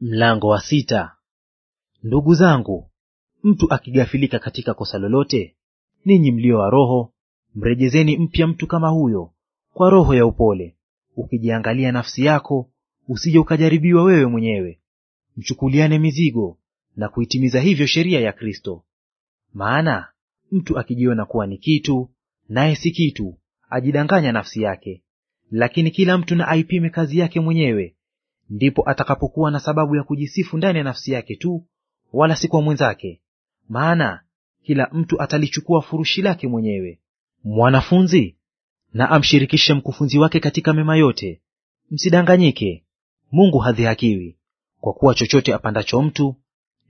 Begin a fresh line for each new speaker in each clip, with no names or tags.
Mlango wa sita. Ndugu zangu, mtu akigafilika katika kosa lolote, ninyi mlio wa roho, mrejezeni mpya mtu kama huyo kwa roho ya upole, ukijiangalia nafsi yako, usije ukajaribiwa wewe mwenyewe. Mchukuliane mizigo na kuitimiza hivyo sheria ya Kristo. Maana mtu akijiona kuwa ni kitu, naye si kitu, ajidanganya nafsi yake. Lakini kila mtu na aipime kazi yake mwenyewe ndipo atakapokuwa na sababu ya kujisifu ndani ya nafsi yake tu, wala si kwa mwenzake, maana kila mtu atalichukua furushi lake mwenyewe. Mwanafunzi na amshirikishe mkufunzi wake katika mema yote. Msidanganyike, Mungu hadhihakiwi, kwa kuwa chochote apandacho mtu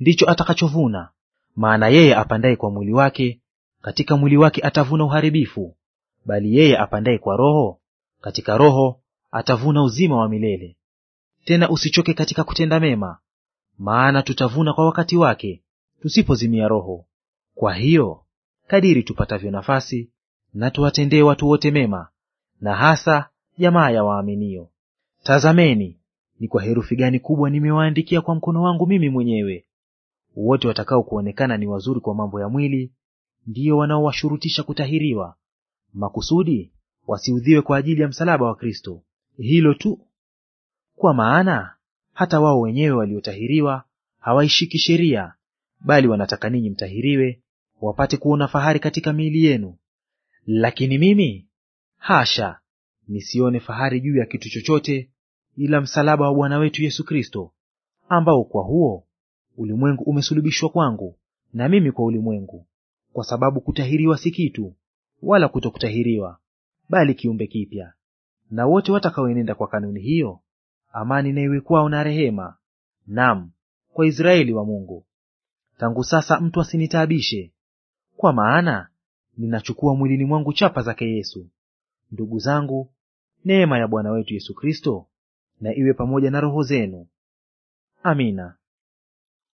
ndicho atakachovuna. Maana yeye apandaye kwa mwili wake, katika mwili wake atavuna uharibifu, bali yeye apandaye kwa Roho, katika Roho atavuna uzima wa milele. Tena usichoke katika kutenda mema, maana tutavuna kwa wakati wake, tusipozimia roho. Kwa hiyo kadiri tupatavyo nafasi, na tuwatendee watu wote mema, na hasa jamaa ya waaminio. Tazameni ni kwa herufi gani kubwa nimewaandikia kwa mkono wangu mimi mwenyewe. Wote watakao kuonekana ni wazuri kwa mambo ya mwili, ndiyo wanaowashurutisha kutahiriwa, makusudi wasiudhiwe kwa ajili ya msalaba wa Kristo. Hilo tu kwa maana hata wao wenyewe waliotahiriwa hawaishiki sheria, bali wanataka ninyi mtahiriwe, wapate kuona fahari katika miili yenu. Lakini mimi hasha, nisione fahari juu ya kitu chochote, ila msalaba wa Bwana wetu Yesu Kristo, ambao kwa huo ulimwengu umesulubishwa kwangu, na mimi kwa ulimwengu. Kwa sababu kutahiriwa si kitu, wala kutokutahiriwa, bali kiumbe kipya. Na wote watakaoenenda kwa kanuni hiyo amani na iwe kwao na rehema, nam kwa Israeli wa Mungu. Tangu sasa mtu asinitaabishe, kwa maana ninachukua mwilini mwangu chapa zake Yesu. Ndugu zangu, neema ya Bwana wetu Yesu Kristo na iwe pamoja na roho zenu. Amina.